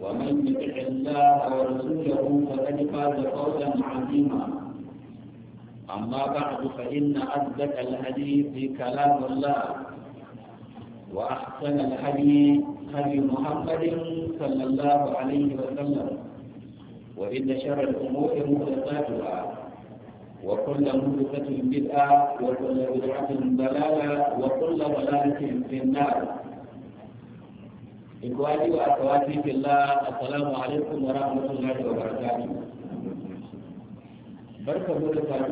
ومن يطع الله ورسوله فقد فاز فوزا عظيما أما بعد فإن اثبت الحديث كلام الله وأحسن الحديث هدي محمد صلى الله عليه وسلم وإن شر الأمور محدثاتها وكل محدثة بدعة وكل بدعة ضلالة وكل ضلالة في النار ikwati wa akwati fillah assalamu alaikum wa rahmatullahi wa barakatuh barka mu da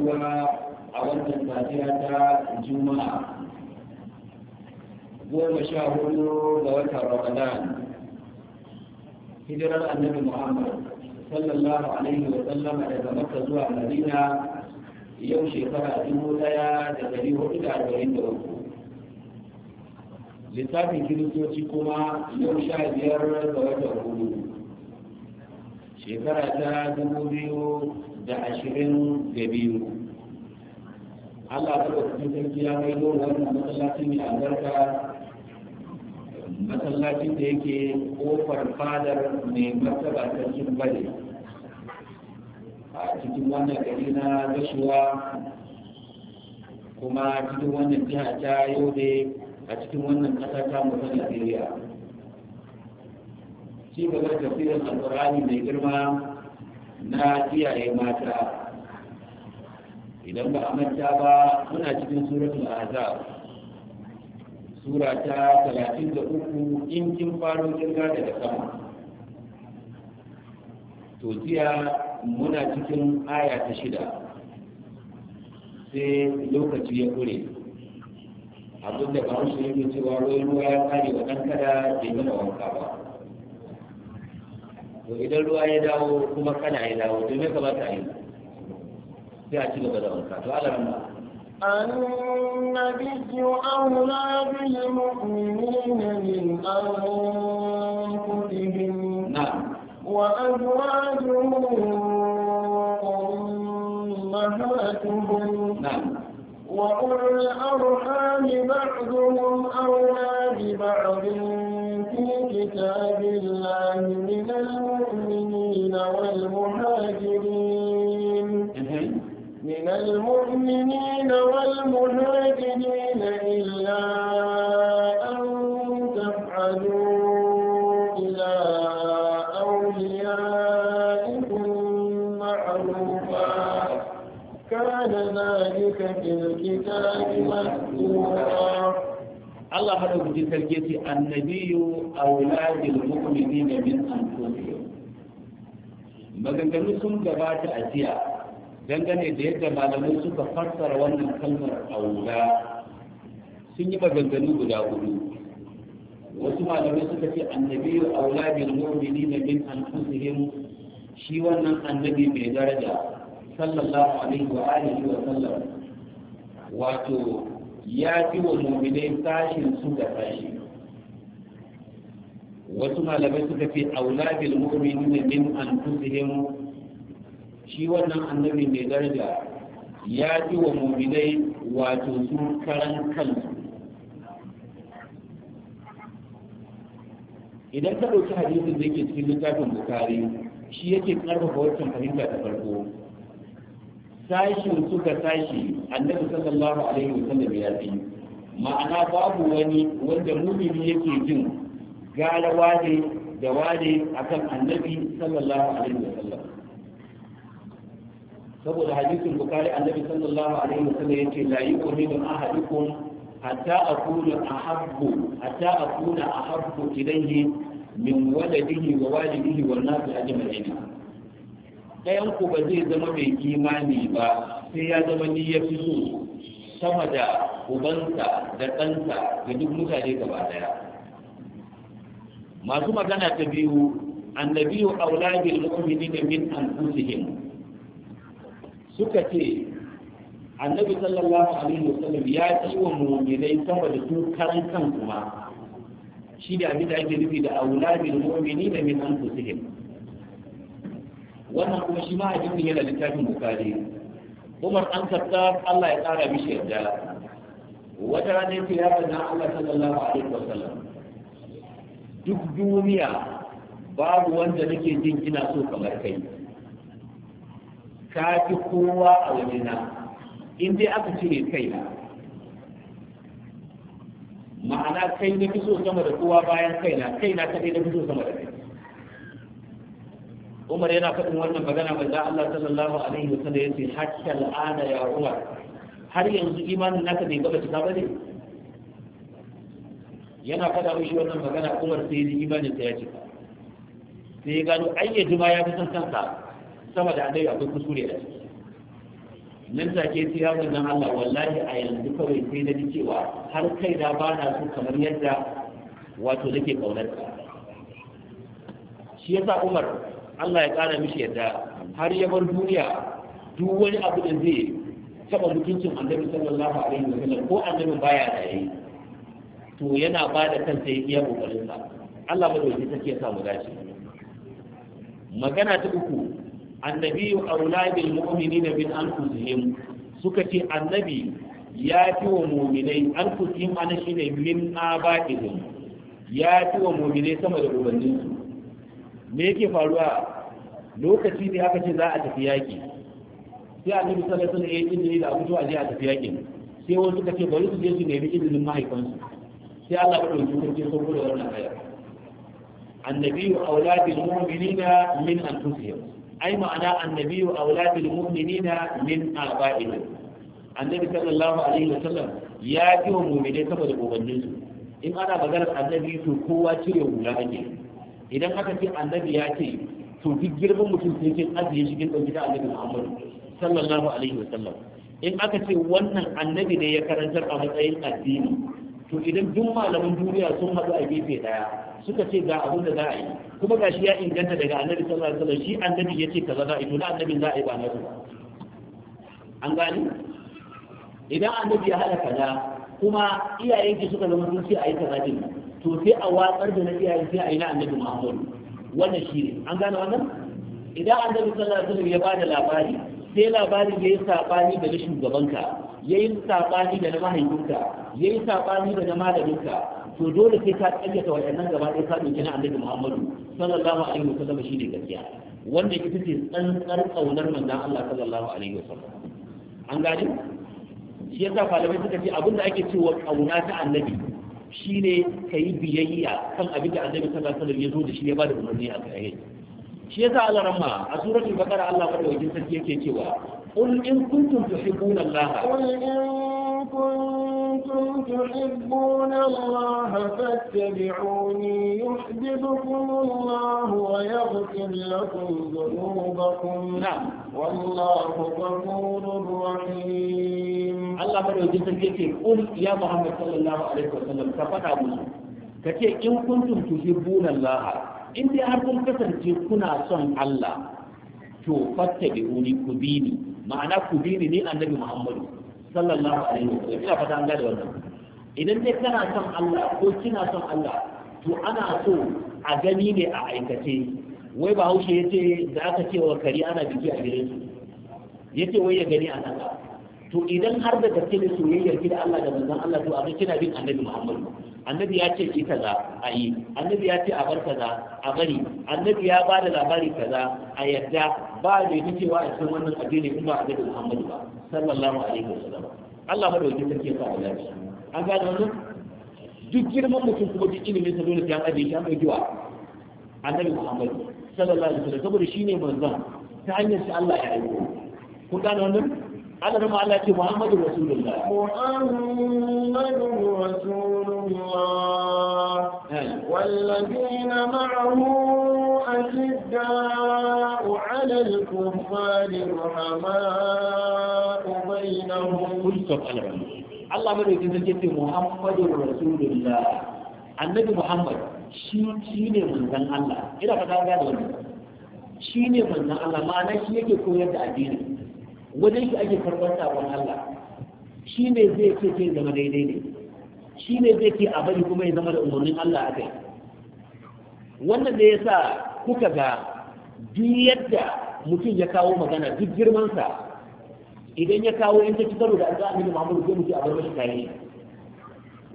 a wannan safiya ta juma'a goma sha hudu ga wata ramadan hijirar annabi muhammad sallallahu alaihi wa sallama daga makka zuwa madina yau shekara dubu daya da dari hudu da arba'in da littafin kiristoci kuma yau sha biyar da watan hudu shekara ta dubu biyu da ashirin da biyu allah ta ɗauki sarki ya mai zo wannan masallacin mai albarka masallacin da yake ƙofar fadar mai martaba sarkin bade a cikin wannan gari na gashuwa kuma cikin wannan jiha ta yau da a cikin wannan ƙasa ta mu ta Najeriya ci gaba da tafsirin alƙur'ani mai girma na iyaye mata idan ba a manta ba muna cikin suratul azab sura ta uku in kin faro kirga daga sama to jiya muna cikin aya ta shida sai lokaci ya ƙure abin da shi yake cewa wai ruwa ya kare wa ɗan kada bai mana wanka ba to idan ruwa ya dawo kuma kana ya dawo to me kamata a yi sai a ci gaba da wanka to Allah ramma النبي أولى بالمؤمنين من أنفسهم وأزواجه أمهاتهم وأولو الأرحام بعضهم أولى ببعض في كتاب الله من المؤمنين والمهاجرين من المؤمنين والمهاجرين Allah guji sarki ya ce annabiyu auladil mu'minina min anfusihim maganganu sun gabata a jiya dangane da yadda malamai suka fassara wannan kalmar wula sun yi maganganu guda hudu wasu malamai suka ce annabiyu auladil mu'minina min anfusihim shi wannan annabi mai daraja sallallahu alaihi wa alihi wa sallam wato ya fi wa muminai tashin su da tashi wasu malamai suka fi aula bil mu'minin min anfusihim shi wannan annabi mai daraja ya fi wa muminai wato su karan kansu idan ka ɗauki hadisin da yake cikin littafin bukari shi yake ƙarfafa wancan fahimta ta farko tashin suka tashi annabi sallallahu alaihi wasallam ya ce ma'ana babu wani wanda mumini yake jin gara wane da wane akan annabi sallallahu alaihi wasallam saboda hadisin bukari annabi sallallahu alaihi wasallam yace la yu'minu ahadukum hatta akuna ahabbu hatta akuna ahabbu ilayhi min waladihi wa walidihi wan nas ajma'in ɗayan ku ba zai zama mai imani ba sai ya zama ni ya fi so sama da ubansa da ɗansa ga duk mutane gaba ɗaya masu magana ta biyu annabiyu auladil da min anfusihim suka ce annabi sallallahu alaihi sallam, ya ci wa mu'minai sama da su karan kan kuma shi da abin da ake nufi da auladil da min anfusihim wannan kuma shi ma hadisin yana littafin bukari umar an katta Allah ya tsara mishi yarda wata rana yake ya bada Allah sallallahu alaihi wasallam duk duniya babu wanda nake jin ina so kamar kai ka fi kowa a wajena in dai aka cire kai na ma'ana kai na fi so sama da kowa bayan kai na kai na kadai na fi so sama da kai umar yana faɗin wannan magana mai Za Allah sallallahu alaihi wasallam yace hatta al'ada ya umar har yanzu imanin naka bai gaba cika bane yana faɗa mishi wannan magana umar sai ji imanin sa ya cika sai ya gano ayyaji ma ya fi san kansa sama da annabi akwai kuskure da shi nan take ke ya wannan Allah wallahi a yanzu kawai sai na ji cewa har kai da ba na so kamar yadda wato nake kaunar shi yasa Umar Allah ya kara mishi yadda har ya bar duniya duk wani abu da zai taba mutuncin annabi sallallahu alaihi wa sallam ko annabi baya da yi to yana ba da kansa ya iya kokarin sa Allah madauki take sa mu dace magana ta uku annabi aula bil mu'minina bin anfusihim suka ce annabi ya fi wa mu'minai anfusihim ana shine min abaihim ya fi wa mu'minai sama da ubanninsu me yake faruwa lokaci ne aka ce za a tafi yaƙi sai a sallallahu alaihi wasallam ya yi izini da abu a je a tafi yaƙin sai wasu suka ce bari su je su nemi izinin mahaifansu sai Allah ya ɗauki sun sauko da wannan ayar annabi auladil mu'minina min anfusihim ai ma'ana annabi auladil mu'minina min aba'ihim annabi sallallahu alaihi wasallam ya ji wa mu'minai saboda su in ana maganar annabi to kowa cire hula ake idan aka ce annabi ya ce to duk girman mutum sai kin ajiye shi kin dauki da annabi Muhammad sallallahu alaihi sallam. in aka ce wannan annabi ne ya karantar a matsayin addini to idan duk malaman duniya sun haɗu a gefe daya suka ce ga abin da za a yi kuma ga shi ya inganta daga annabi sallallahu alaihi wasallam shi annabi ya ce kaza za a yi to da annabi za a yi ba na ba an gani idan annabi ya haɗa kaza kuma iyayenki suka zama sun ce a yi kaza din to sai a watsar da na iyaye sai a yi na annabi Muhammad wannan shine an gane wannan idan annabi sallallahu alaihi wasallam ya bada labari sai labari ya yi sabani da na shugabanka ya yi sabani da na mahaifinka ya yi sabani da na malaminka to dole sai ka kayyata waɗannan gaba ɗaya ka ɗauki na annabi Muhammadu sallallahu alaihi wasallam shine gaskiya wanda ita ce tsantsar kaunar manzon Allah sallallahu alaihi wasallam an gane shi yasa malamai suka ce abinda ake cewa kauna ta annabi Shi ka yi biyayya kan abin da annabi sallallahu alaihi wasallam ya zo da shi ya da umarni a kai shi yasa Allah ramma a suratul baqara Allah madaukakin sarki yake cewa qul in kuntum tuhibbuna Allah qul in kuntum كنتم تحبون الله فاتبعوني يحببكم الله ويغفر لكم ذنوبكم نعم والله غفور رحيم الله بدو جسر كيكي قل يا محمد صلى الله عليه وسلم كفتع مسلم كتير إن كنتم تحبون الله إن دي أركم كسر كنا صن الله تو فاتبعوني كبيني معنى كبيني لأنني محمد sallallahu alaihi wa sallam ina fata an gane wannan idan dai kana son Allah ko kina son Allah to ana so a gani ne a aikace wai ba haushe ya ce da aka ce wa kari ana biki a gidan su ya ce wai ya gani a nan to idan har da gaske ne soyayyar ki da Allah da manzon Allah to abin kina bin annabi Muhammad annabi ya ce ki kaza a yi annabi ya ce a bar kaza a bari annabi ya ba da labari kaza a yadda ba da yake cewa a cikin wannan addini kuma annabi Muhammad ba sallallahu alaihi wasallam Allah madaukakin sarki ya sa Allah shi an gane wannan duk girman mutum kuma duk ilimin sa dole sai an ajiye shi an ɗauki wa annabi Muhammad sallallahu alaihi wasallam saboda shine manzon ta hanyar shi Allah ya aiko kun gane wannan Allah da Allah ce Muhammadu Rasulullah Muhammadu Rasulullah والذين eh. معه أشداء على الكفار رحماء بينهم Allah mai rikin sun ce Muhammadu Rasulullah annabi Muhammad shi shi manzon Allah ina fata ga da wannan shi manzon Allah ma'ana shi yake koyar da addini wajen shi ake karɓar sabon Allah shi ne zai ce ce zama daidai ne zai ce a bari kuma ya zama da umarnin Allah a kai wannan da ya sa kuka ga duk yadda mutum ya kawo magana duk girmansa idan ya kawo yanke ci karo da an za'a mini mamuru zai mutu a bar mashi kayi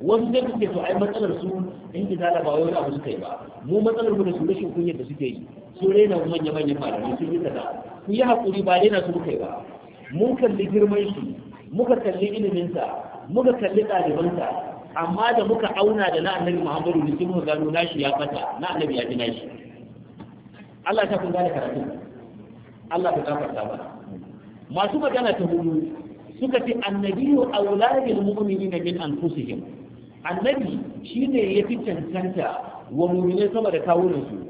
wasu zai kuke to ai matsalar su in ki zala ba wai wani abu suka yi ba mu matsalar mu da su rashin kunyar da suke yi su raina manya manyan malamai sun yi kaza ku yi hakuri ba raina su muka yi ba mun kalli girman shi muka kalli iliminsa muka kalli ɗalibansa amma da muka auna da na annabi muhammadu da sai muka gano nashi ya fata na annabi ya fi nashi Allah ta kun gane karatu Allah ta gafarta ba masu magana ta hudu suka ce annabiyyu aula bil mu'minina min anfusihim annabi shine ya fi cancanta wa mu'minai sama da kawunansu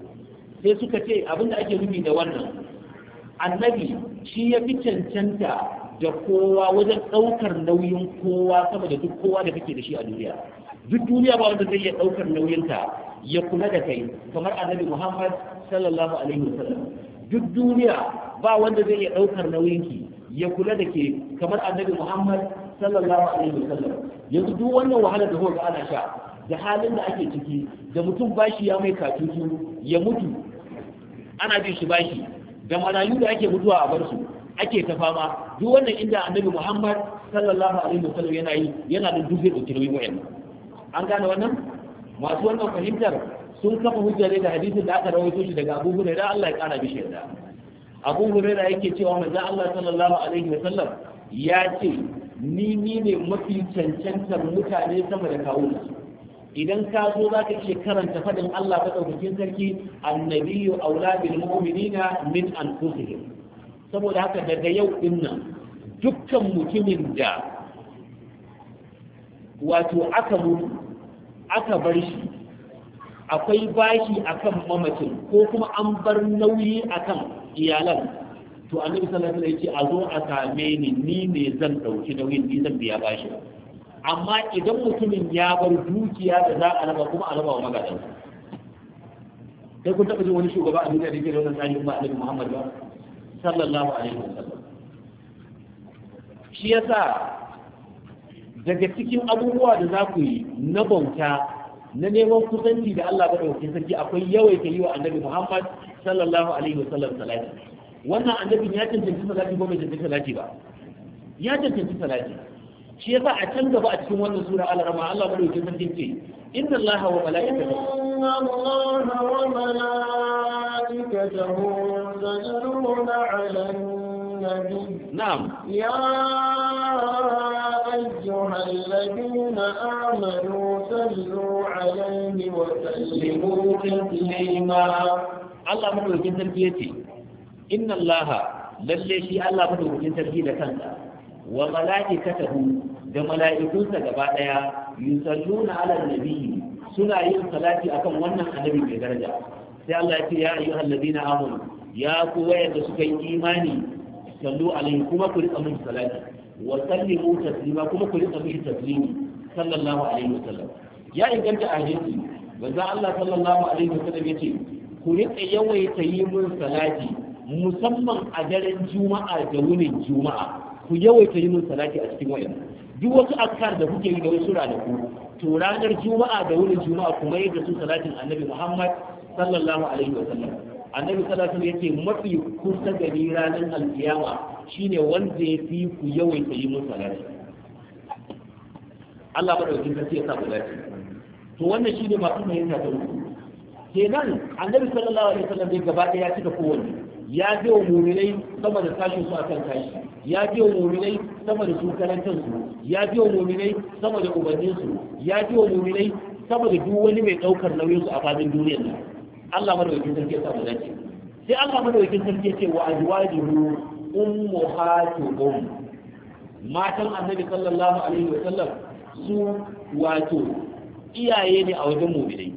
sai suka ce abinda ake nufi da wannan annabi shi ya fi cancanta da kowa wajen ɗaukar nauyin kowa sama da duk kowa da kake da shi a duniya duk duniya ba wanda zai iya ɗaukar nauyinka ya kula da kai kamar annabi Muhammad sallallahu alaihi wasallam duk duniya ba wanda zai iya daukar nauyinki ya kula da ke kamar annabi Muhammad sallallahu alaihi wasallam yanzu duk wannan wahala da hoga ana sha da halin da ake ciki da mutum bashi ya mai katutu ya mutu ana bin shi bashi da marayu da ake mutuwa a barsu ake ta fama duk wannan inda annabi Muhammad sallallahu alaihi wasallam yana yi yana da zai da kirwi wayan an gane wannan masu wannan fahimtar sun kafa hujjar da hadisin da aka rawaito shi daga Abu Hurairah Allah ya kara bishi da Abu Hurairah yake cewa manzo Allah sallallahu alaihi wa sallam ya ce ni ni ne mafi cancantar mutane sama da kawuna idan ka zo za ka iya karanta fadin Allah ta ɗaukakin sarki annabiyyu aula bil mu'minina min anfusihim saboda haka daga yau dinnan dukkan mutumin da wato aka mutu aka bar shi akwai bashi akan mamacin ko kuma an bar nauyi akan iyalan to annabi sallallahu alaihi wasallam a zo a same ni ni ne zan dauki nauyin ni zan biya bashi amma idan mutumin ya bar dukiya da za a raba kuma a raba wa magadan sai kun taɓa jin wani shugaba a duniya da yake da wannan tsari kuma annabi Muhammad ba sallallahu alaihi wasallam shi yasa daga cikin abubuwa da za ku yi na bauta na neman kusanci da Allah ɗauke sarki akwai yawai ka yi wa annabi Muhammad sallallahu alaihi wa sallam salati wannan annabin ya cancanci salati ko bai cancanci salati ba ya cancanci salati shi yasa a can gaba a cikin wannan sura al-rama Allah madaukakin sarki ce inna Allah wa malaikatahu الله وملائكته يصلون على النبي به نعم يا أيها الذين آمنوا صلوا عليه وسلموا تسليما الله مدوكين lalle shi Allah madaukakin sarki da kansa wa mala'ikatahu da mala'ikunsa gaba ɗaya, daya yusalluna ala nabi suna yin salati akan wannan annabi mai daraja sai Allah ya ce ya ayyuhal ladina amanu ya ku wayanda suka yi imani sallu alaihi kuma ku rika min salati wa sallimu taslima kuma ku rika mishi taslimi sallallahu alaihi wasallam ya inganta a hadisi manzo Allah sallallahu alaihi wasallam yace ku rika yawaita yi mun salati musamman a daren juma'a da wunin juma'a ku yawaita yi mun salati a cikin wayan duk wasu askar da kuke yi da wasu ranaku to ranar juma'a da wunin juma'a kuma yadda su salatin annabi Muhammad sallallahu alaihi wasallam annabi sallallahu alaihi wasallam yace mafi kusa gari ranar alkiyama shine wanda ya fi ku yawaita yi musu salati Allah ba dauki sai ya sa ku dace to wannan shine ba kuma yana da kenan annabi sallallahu alaihi wasallam bai gaba ɗaya ya cika kowanne ya je wa muminai sama da tashi su akan tashi ya je wa muminai sama da shukarantar su ya je wa muminai sama da ubannin su ya je wa muminai sama da duk wani mai ɗaukar nauyin su a fadin duniyar nan Allah madaukakin sarki ya samu dace sai Allah madaukakin sarki ya ce wa azwajuhu ummahatuhum matan annabi sallallahu alaihi wa sallam su wato iyaye ne a wajen mu'minai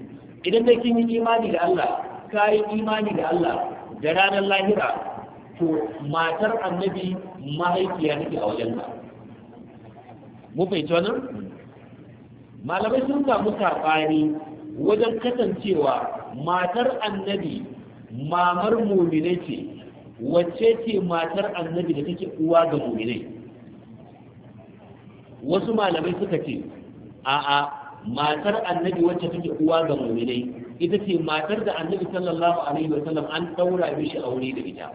idan dai kin yi imani da Allah ka yi imani da Allah da ranar lahira to matar annabi mahaifiya nake a wajen ka mu fahimci wannan malamai sun samu sabani wajen kasancewa matar annabi mamar muminai ce wacce ce matar annabi da take uwa ga muminai wasu malamai suka ce a'a matar annabi wacce take uwa ga muminai ita ce matar da annabi sallallahu alaihi wa sallam an daura mishi aure da ita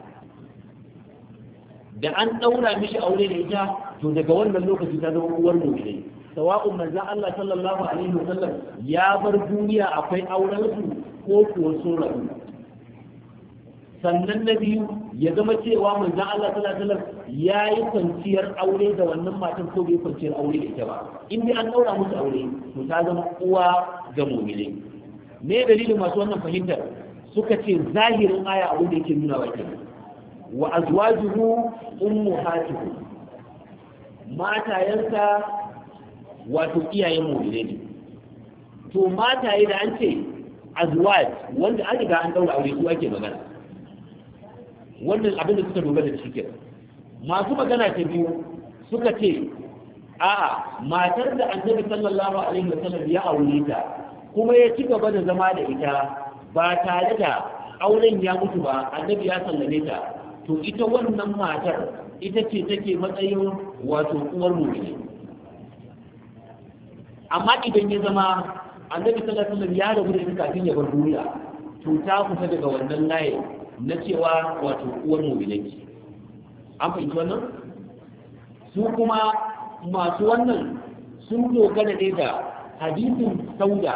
da an daura mishi aure da ita to daga wannan lokaci ta zama uwar muminai sawa'un manzan Allah sallallahu alaihi wasallam ya bar duniya akwai aurensu ko kuwa sun rabu sannan na biyu ya zama cewa manzan Allah sallallahu alaihi wasallam ya yi kwanciyar aure da wannan matan ko bai kwanciyar aure da ita ba in dai an daura musu aure to ta zama uwa ga mu'mini me dalilin masu wannan fahimtar suka ce zahirin aya abin da yake nuna wa wa azwajuhu ummahatuhu matayansa wato iyayen mu ne to mataye da an ce azwaj wanda an riga an daura aure su ake magana wannan abin da suka dogara da shi kenan masu magana ta biyu suka ce a matar da annabi sallallahu alaihi wasallam ya aure ta kuma ya ci gaba da zama da ita ba tare da auren ya mutu ba annabi ya sallame ta to ita wannan matar ita ce take matsayin wato uwar mu'mini amma idan ya zama annabi sallallahu alaihi wasallam ya rabu da shi kafin ya bar duniya to ta kusa daga wannan layin na cewa wato uwar ki an fahimci wannan su kuma masu wannan sun dogara ne da hadisin sauda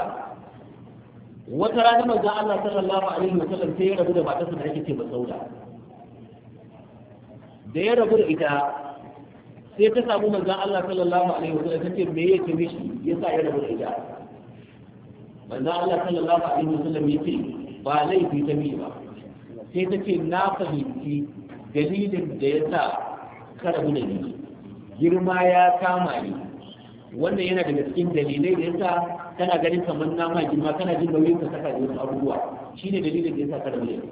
wata rana manzon Allah sallallahu alaihi wasallam sai ya rabu da matarsa da ake ce ba sauda da ya rabu da ita sai ta samu manzan Allah sallallahu alaihi wasallam ta ce me ya ce mishi yasa ya rabu da ita manzan Allah sallallahu alaihi wa sallam ce ba laifi ta mi ba sai ta ce na fahimci dalilin da ya sa ka rabu da ni girma ya kama ni wannan yana daga cikin dalilai da ya sa kana ganin kamar nama ma girma kana jin nauyin ka saka da wasu abubuwa shine dalilin da ya sa ka rabu da ni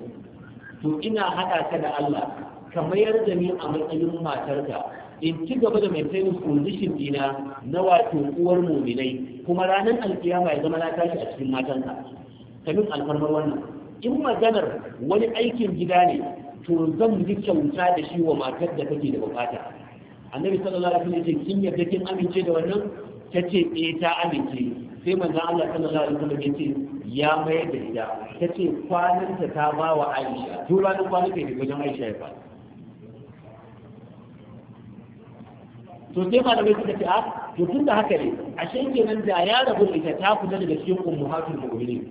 to ina haɗa ka da Allah ka mayar da ni a matsayin matarka in ci gaba da maintaining position dina na wato uwar muminai kuma ranar alkiyama ya zama na tashi a cikin matanka kamin alfarmar wannan in maganar wani aikin gida ne to zan yi kyauta da shi wa matar da kake da bukata annabi sallallahu alaihi wasallam yace kin yarda kin amince da wannan ce eh ta amince sai manzo Allah sallallahu alaihi wasallam yace ya mayar da gida, tace ce ta ta ba wa Aisha to ranar kwanan ta da wajen Aisha ya fara to sai malamai suka ce a ah, to tun da haka ne a shan kenan da ya rabu ita ta kula daga cikin da mu'minin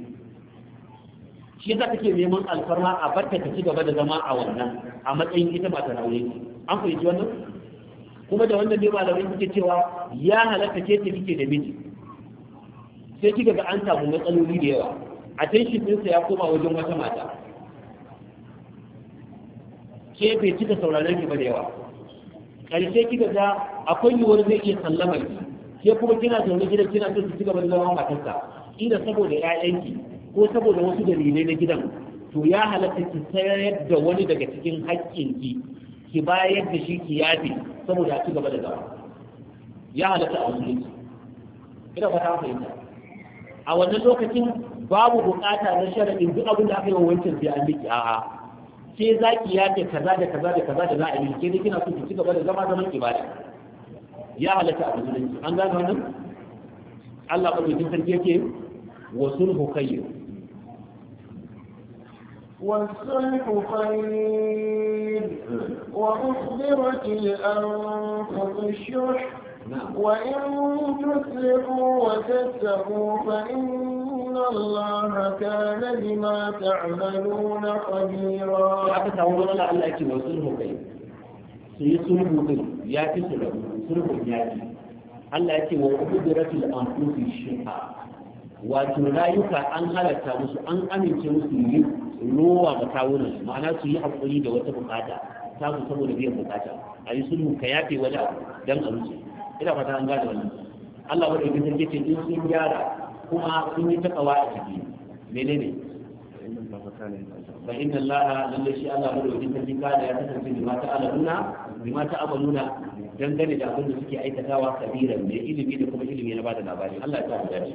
shi yasa take neman alfarma a barka ta ci gaba da zama a wannan a matsayin ita ba ta rauni an fahimci wannan kuma da wannan ne da suke cewa ya halatta ke ce kike da miji sai kika ga an samu matsaloli da yawa a shi ɗinsa ya koma wajen wata mata ke bai cika sauraron ki ba da yawa ƙarshe kika ga akwai yiwuwar zai iya sallama ki ke kuma kina zaune gidan kina son su ci gaba da zama matarsa ina saboda ƴaƴanki ko saboda wasu dalilai na gidan to ya halatta ki sayar da wani daga cikin haƙƙinki ki bayar da shi ki yafe saboda ci gaba da zama ya halatta a Ki ina fata fahimta a wannan lokacin babu bukata na sharaɗin duk abin da aka yi wa wancan sai an miki a'a ke zaki ya ce kaza da kaza da kaza da za a yi ke kina so ki ci gaba da zama zaman ibada ya halatta da musulunci an gane wannan Allah ɓarɓarin sarki yake wasu hukayyo والصلح خير وأصدرت الأنفس الشح وإن تسلموا وتتقوا فإن إن الله كان بما تعملون خبيرا haka samu zama da Allah yake mai sulhu kai su yi sulhu din ya fi sulhu sulhu ya fi Allah ya yake wa qudratul anfusi shifa wato rayuka an halatta musu an amince musu yi rowa ga kawunan ma'ana su yi hakuri da wata bukata ta su saboda biyan bukata a yi sulhu ka yafe wani abu dan a ina fata an gane wannan Allah wadda yake ce in sun gyara kuma sun yi takawa a ciki menene ne fahimta Allah lalle shi Allah mu dokin tafi kada ya kasance bi ma ta'aluna bi ma ta'amaluna dangane da abin da suke aikatawa kabiran ne ilimi da kuma ilimi na bada labari Allah ya sa dace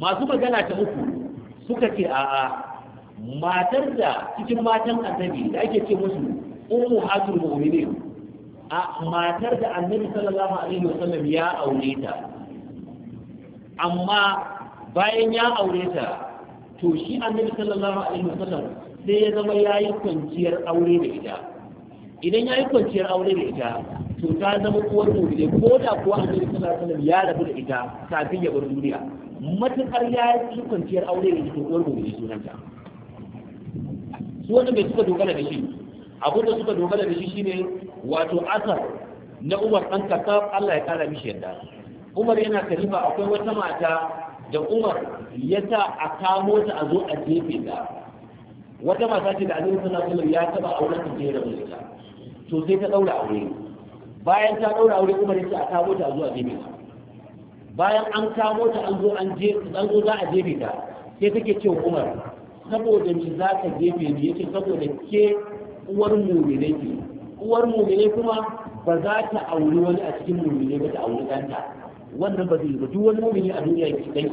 masu magana ta uku suka ce a'a matar da cikin matan annabi da ake ce musu ummu hatul mu'minin a matar da annabi sallallahu alaihi wasallam ya aure ta amma bayan ya aure ta to shi annabi sallallahu alaihi wasallam sai ya zama yayi kwanciyar aure da ita idan yayi kwanciyar aure da ita to ta zama uwar mu'mini ko da kuwa annabi sallallahu alaihi wasallam ya rabu da ita kafin ya bar duniya matukar ya yi kwanciyar aure da ita uwar mu'mini sunanta su wanda bai suka dogara da shi abin da suka dogara da shi shine wato asar na Umar ɗan Khattab Allah ya kara mishi yadda umar yana kalifa akwai wata mata da umar ya sa a kamo ta a zo a jefe ta wata mata ce da annabi sallallahu alaihi ya taba auren ta jera mai ta to sai ta daura aure bayan ta daura aure umar ya ce a kamo ta a zo a jefe ta bayan an kamo ta an zo an je an zo za a jefe ta sai take cewa umar saboda ni za ka jefe ni yake saboda ke uwar mu ne ke uwar mu ne kuma ba za ta auri wani a cikin mu ne ba ta auri ɗanta wannan ba zai yi ba duk wani mumini a duniya ya dan ne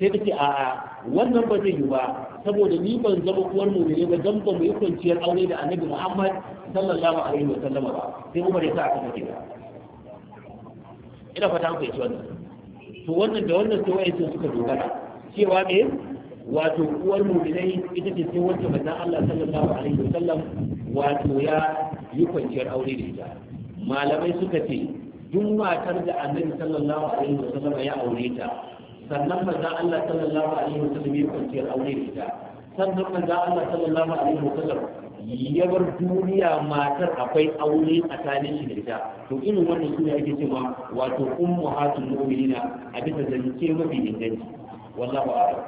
sai take a a wannan ba zai yi ba saboda ni ban zama uwar mumini ba dan ba mu yi kwanciyar aure da annabi Muhammad sallallahu alaihi wa sallama ba sai Umar ya sa aka take ina fata an fahimci wannan to wannan da wannan sai wayancin suka dogara cewa me wato uwar mu'minai ita ce sai wacce manzon Allah sallallahu alaihi sallam wato ya yi kwanciyar aure da ita malamai suka ce duk matar da annabi sallallahu alaihi wasallam ya aure ta sannan manzo Allah sallallahu alaihi wasallam ya kwanci aure ta sannan manzo Allah sallallahu alaihi wasallam ya bar duniya matar akwai aure tsakanin shi da ita to irin wannan sune ake cewa wato ummahatul mu'minina a bisa zance mafi inganci wallahu a'lam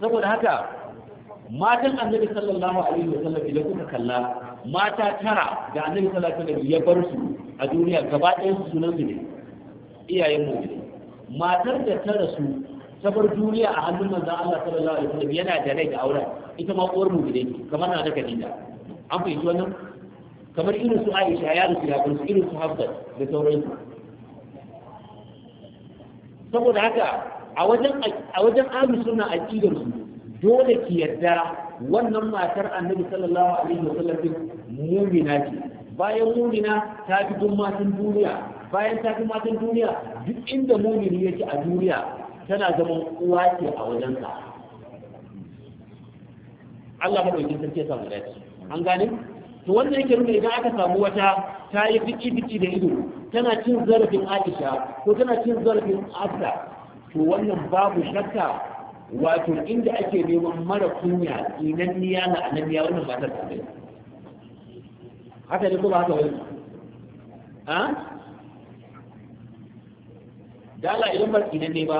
saboda haka matan annabi sallallahu alaihi wasallam idan kuka kalla mata tara da annabi sallallahu alaihi wasallam ya bar su a duniya gaba ɗaya su sunan su ne iyayen mu matar da ta rasu ta bar duniya a hannun manzon Allah sallallahu alaihi wasallam yana da rai da auren ita ma uwar mu ne kamar na daga dinda an fahimci wannan kamar irin su Aisha ya rasu ya bar su irin su Hafsa da sauransu saboda haka a wajen a wajen ahlus sunna aqidar su dole ki yarda wannan matar annabi sallallahu alaihi wasallam mu'mina ce bayan mumina ta fi gummatin duniya bayan ta fi matan duniya duk inda mumini yake a duniya tana zama uwa ce a wajensa Allah madaukin sarki sa samu dace an gane to wanda yake nuna idan aka samu wata ta yi fiki fiki da ido tana cin zarafin Aisha ko tana cin zarafin Hafsa to wannan babu shakka wato inda ake neman mara kunya inanniya na annabiya wannan ba ta tabbata haka ne ko ba haka wani ha da Allah idan bar idan ne ba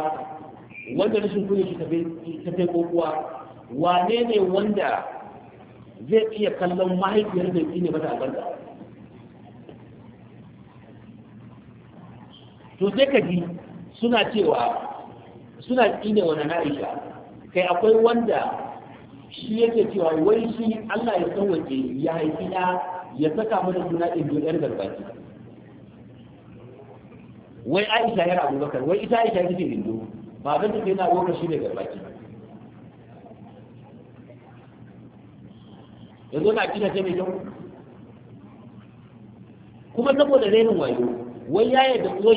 wanda rashin kunya shi ta ko kuwa, wane ne wanda zai iya kallon mahaifiyar da ne ta albarka to sai ka ji suna cewa suna tsine wani na'isha kai akwai wanda shi yake cewa wai shi Allah ya san waje ya haifi na ya saka mana suna ido yar garbaki wai aisha yar abubakar wai ita aisha take indo ba zan take na abubakar shi ne garbaki yanzu na kina ce mai kyau kuma saboda rainin wayo wai ya yadda uwar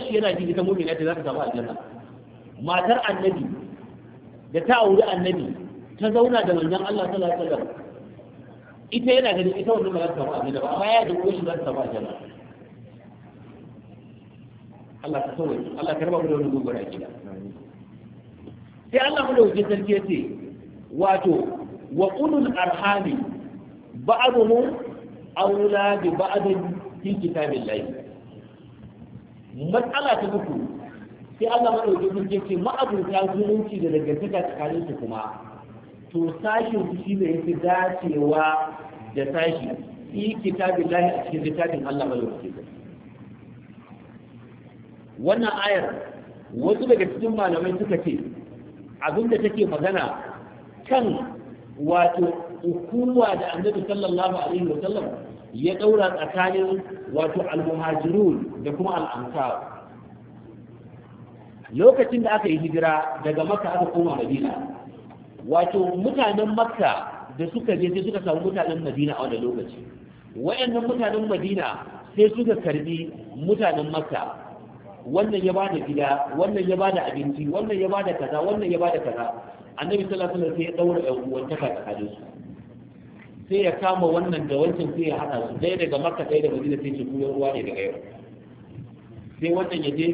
shi yana jin ta mu'mina ta za ta samu aljanna matar annabi da ta auri annabi ta zauna da manzon Allah sallallahu alaihi wasallam ita yana ganin ita wannan ba za ta samu da ba amma ya da uwar shi za ta samu aljanna Allah ka sauye Allah ka raba mu da wani gugu a gida sai Allah mu da wajen sarki yace wato wa ulul arhami ba'dhum awla bi ba'd fi kitabillahi matsala ta uku sai Allah madauki sun ce ce ta zumunci da dangantaka tsakanin su kuma to sashin shi shine yake dacewa da sashi fi kitabin lahi a cikin littafin Allah malaukaki wannan ayar wasu daga cikin malamai suka ce abinda take magana kan wato hukuma da annabi sallallahu alaihi wa sallam ya daura tsakanin wato al da kuma al lokacin da aka yi hijira daga maka aka koma madina wato mutanen makka da suka je sai suka samu mutanen madina a wani lokaci wayannan mutanen madina sai suka karbi mutanen makka wannan ya bada gida wannan ya bada abinci wannan ya bada kaza wannan ya bada kaza annabi sallallahu alaihi wasallam sai ya daura ɗan uwan ta tsakanin su sai ya kama wannan da wancan sai ya hada su dai daga makka ɗaya daga madina sai ce kuma ruwa ne daga yau sai wannan ya je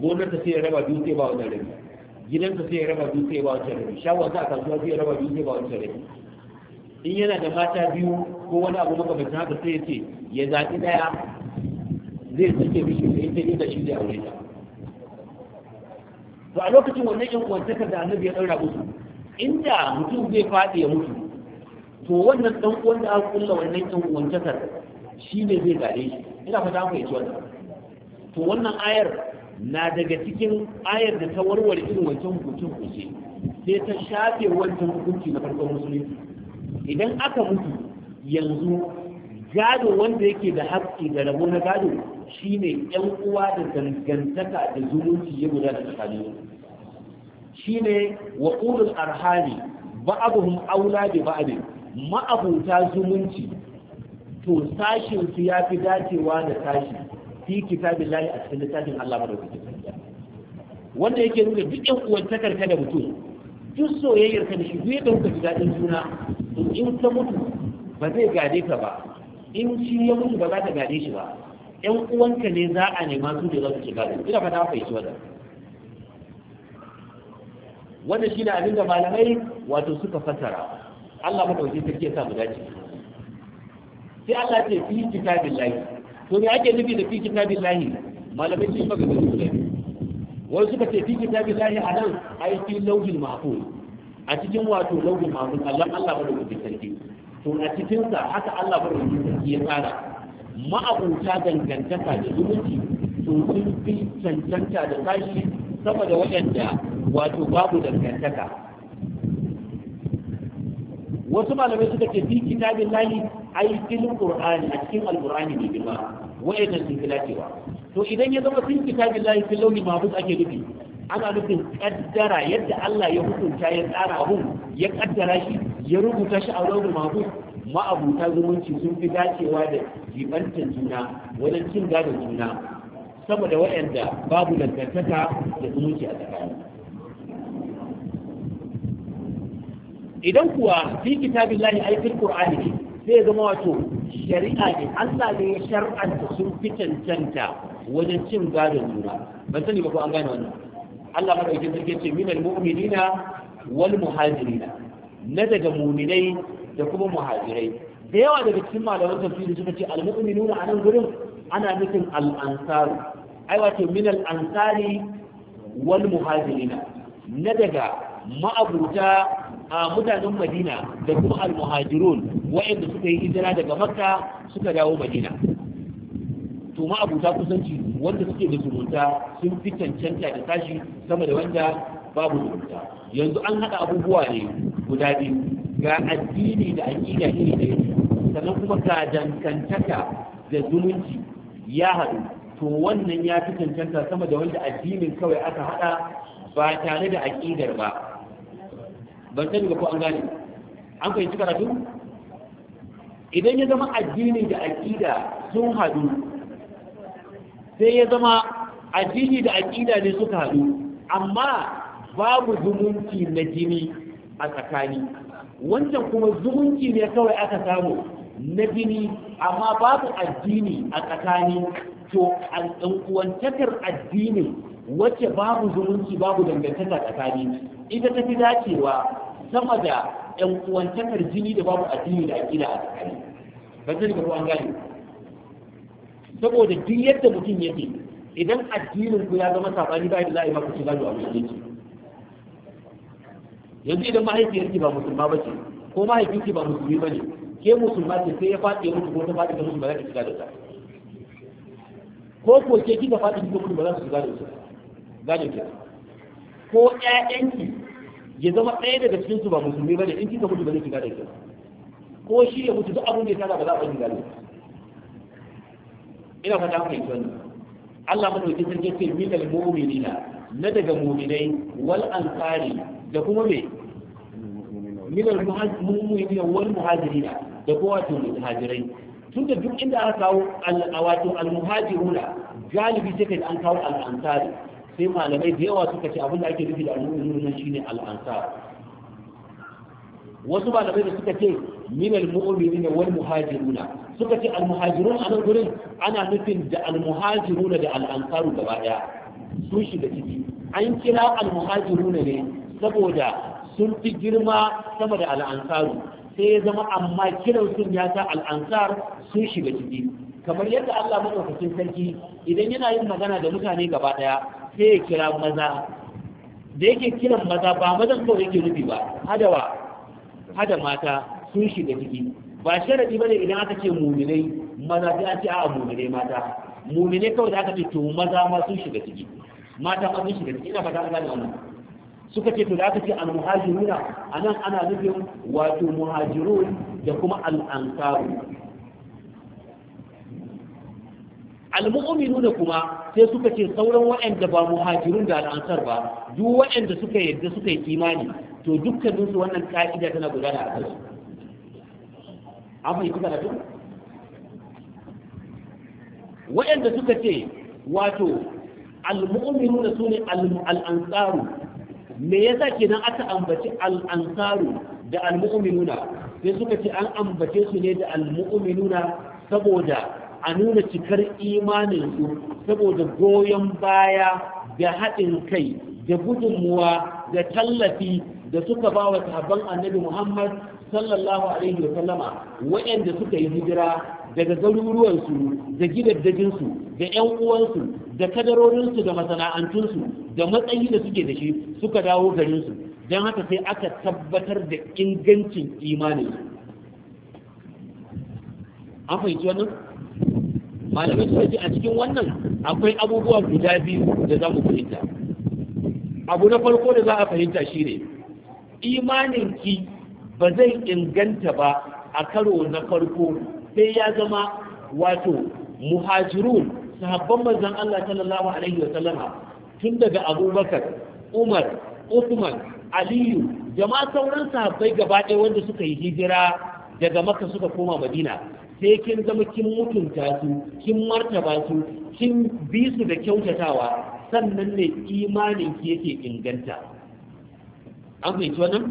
gonar ta sai ya raba biyu sai ba wannan rabi gidansa sai ya raba biyu sai ba wancan rabi shawarsa a kasuwa sai ya raba biyu sai ba wancan rabi in yana da mata biyu ko wani abu makamancin haka sai ya ce ya zaɓi ɗaya zai sake mishi sai ta inda shi zai aure ta to a lokacin wannan yan uwantakar da annabi ya ɗaura musu inda mutum zai faɗi ya mutu to wannan ɗan uwan da aka kulla wannan yan uwantakar shi ne zai gare shi ina fata ku ci wannan to wannan ayar na daga cikin ayar da ta warware irin wancan hukuncin kuce sai ta shafe wancan hukunci na farkon musulunci idan aka mutu yanzu gado wanda yake da haƙƙi da rabo na gado shine yan uwa da dangantaka da zumunci ya gudana tsakanin shine wa ulul arhami ba'aduhum aula bi ba'd ma'abuta zumunci to sashin su yafi dacewa da sashi fi kitabillahi a cikin littafin Allah madaukakin sarki wanda yake nuna duk yan uwantakar ka da mutum duk soyayyar ka da shi duk yadda kuka ji daɗin juna to in ta mutu ba zai gade ka ba in shi ya mutu ba za ta gade shi ba ƴan uwanka ne za a nema su da za su shiga da ina fata fahimci wannan wanda shi ne abinda malamai wato suka fassara Allah madaukakin sarki ya sa mu dace sai Allah ce fi kitabillahi to ake nufi da fi lahi, malamai sun maka da su wani suka ce fi lahi a nan ai fi lauhin mahfuz a cikin wato lauhin mahfuz Allah Allah ba da kuɗi sarki to a cikin sa haka Allah ba da kuɗi ya tsara ma'abuta dangantaka da zumunci to sun fi cancanta da tashi saboda waɗanda wato babu dangantaka wasu malamai suka ce fi kitabin lahi ai filin qur'ani a cikin alqur'ani ne girma wayannan sun filacewa to idan ya zama sun kitabillahi fil lawhi mahfuz ake nufi ana nufin kaddara yadda Allah ya hukunta ya tsara abu ya kaddara shi ya rubuta shi a lawhi mahfuz ma'abuta zumunci sun fi dacewa da jibantar juna wajen cin gadon juna saboda da waɗanda babu dangantaka da zumunci a tsakani idan kuwa fi kitabillahi ai fil qur'ani sai zama wato shari'a ne Allah ne ya shar'anta sun fi cancanta wajen cin gadon juna ban sani ba ko an gane wannan Allah ma madaukakin sarki ce minal mu'minina wal muhajirina na daga mu'minai da kuma muhajirai da yawa daga cikin malaman tafsiri suka ce al mu'minuna a nan gurin ana nufin al ansaru ai wato minal ansari wal muhajirina na daga ma'abuta a mutanen madina da kuma al-muhajirun suka yi hijira daga makka suka dawo madina to ma abuta kusanci wanda suke da zumunta sun fi cancanta da tashi sama da wanda babu zumunta yanzu an haɗa abubuwa ne guda biyu ga addini da aƙida iri ɗaya sannan kuma ga dangantaka da zumunci ya haɗu to wannan ya fi cancanta sama da wanda addinin kawai aka haɗa ba tare da aƙidar ba ban sani ba ko an gane an fahimci karatu idan ya zama addini da aqida sun haɗu sai ya zama addini da aƙida ne suka haɗu amma babu zumunci na jini a tsakani wancan kuma zumunci ne kawai aka samu na jini amma babu addini a tsakani to al'uwantakar addinin wace babu zumunci babu dangantaka tsakani ita ta fi dacewa sama da ƴan uwantakar jini da babu addini da aƙida a tsakani ba zai ga ruwan gani saboda duk yadda mutum yake idan addinin ku ya zama sabani ba da za a yi maka shiga zuwa musulunci yanzu idan mahaifiyarki ba musulma ba ce ko mahaifinki ba musulmi ba ne ke musulma ce sai ya faɗi ya mutu ko ta faɗi ta mutu ba za ta shiga da ta ko ko ke kika faɗi kika mutu ba za ta shiga da ta gane ke ko ƴaƴanki ya zama ɗaya daga cikin su ba musulmi ba ne, in kika mutu ba zai shiga da ke ko shi ya mutu duk abin da ya tara ba za a shiga da ina fata ku yi wannan Allah madaukakin sarki ya ce min al-mu'minina na daga mu'minai wal ansari da kuma me min al-mu'minina wal muhajirina da kuma wato muhajirai tunda duk inda aka kawo wato al-muhajiruna galibi sai kai an kawo al-ansari sai malamai da yawa suka ce abin da ake nufi da almu'minun nan shine al'ansar wasu malamai da suka ce min al-mu'minina wal muhajiruna suka ce al-muhajirun a nan gurin ana nufin da al-muhajiruna da al-ansaru gaba daya sun shiga ciki an kira al-muhajiruna ne saboda sun fi girma sama da al-ansaru sai ya zama amma kiran sun ya sa al-ansar sun shiga ciki kamar yadda Allah madaukakin sarki idan yana yin magana da mutane gaba daya sai ya kira maza da yake kiran maza ba mazan kawai yake nufi ba hadawa hada mata sun shiga ciki ba sharadi bane idan aka ce muminai maza sai a ce a muminai mata muminai kawai da aka ce to maza ma sun shiga ciki mata ma sun shiga ciki ina fata an gane wannan suka ce to da aka ce al-muhajiruna anan ana nufin wato muhajirun da kuma al-ansaru almu'minuna kuma sai suka ce sauran waɗanda ba muhajirun da al'ansar ba duk waɗanda suka yarda suka yi imani to dukkanin su wannan ka'ida tana gudana a kansu an fahimci karatu waɗanda suka ce wato almu'minuna sune al'ansaru me yasa kenan aka ambaci al'ansaru da almu'minuna sai suka ce an ambace su ne da almu'minuna saboda a nuna cikar imaninsu saboda goyon baya da haɗin kai da gudunmuwa da tallafi da suka ba wa sahabban annabi Muhammad sallallahu alaihi wasallama waɗanda suka yi hijira daga garuruwansu da gidaddajinsu da 'yan uwansu da kadarorinsu da masana'antunsu da matsayi da suke da shi suka dawo garinsu don haka sai aka tabbatar da ingancin imaninsu an fahimci wannan malamai suka ce a cikin wannan akwai abubuwa guda biyu da za mu fahimta abu na farko da za a fahimta shine ki ba zai inganta ba a karo na farko sai ya zama wato muhajirun sahabban manzon Allah sallallahu alaihi wa sallama tun daga Abubakar Umar Uthman Aliyu jama'a sauran sahabbai gaba ɗaya wanda suka yi hijira daga Makka suka koma Madina sai kin zama kin mutunta su kin martaba su kin bi su da kyautatawa sannan ne imanin ki yake inganta an fahimci wannan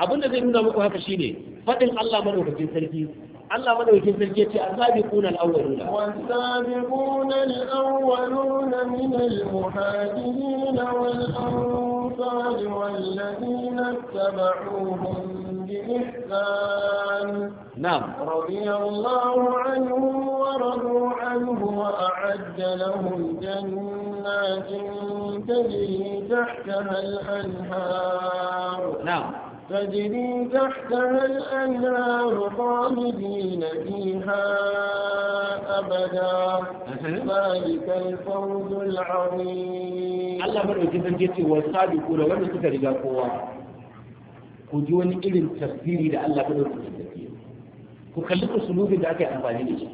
abin da zai nuna muku haka shine faɗin Allah madaukakin sarki Allah madaukin sarki ce asabiqun al-awwaluna wasabiqun al-awwaluna min al-muhajirin wal Na wal-ladina tabauhum بإحسان نعم رضي الله عنهم ورضوا عنه وأعد لهم جنات تجري تحتها الأنهار نعم تجري تحتها الأنهار خالدين فيها أبدا ذلك الفوز العظيم الله مرة جدا جيت والصادقون وانا سكر قوة كجون إلى التفسير إلى الله جدا ku kalli usulubin da aka amfani da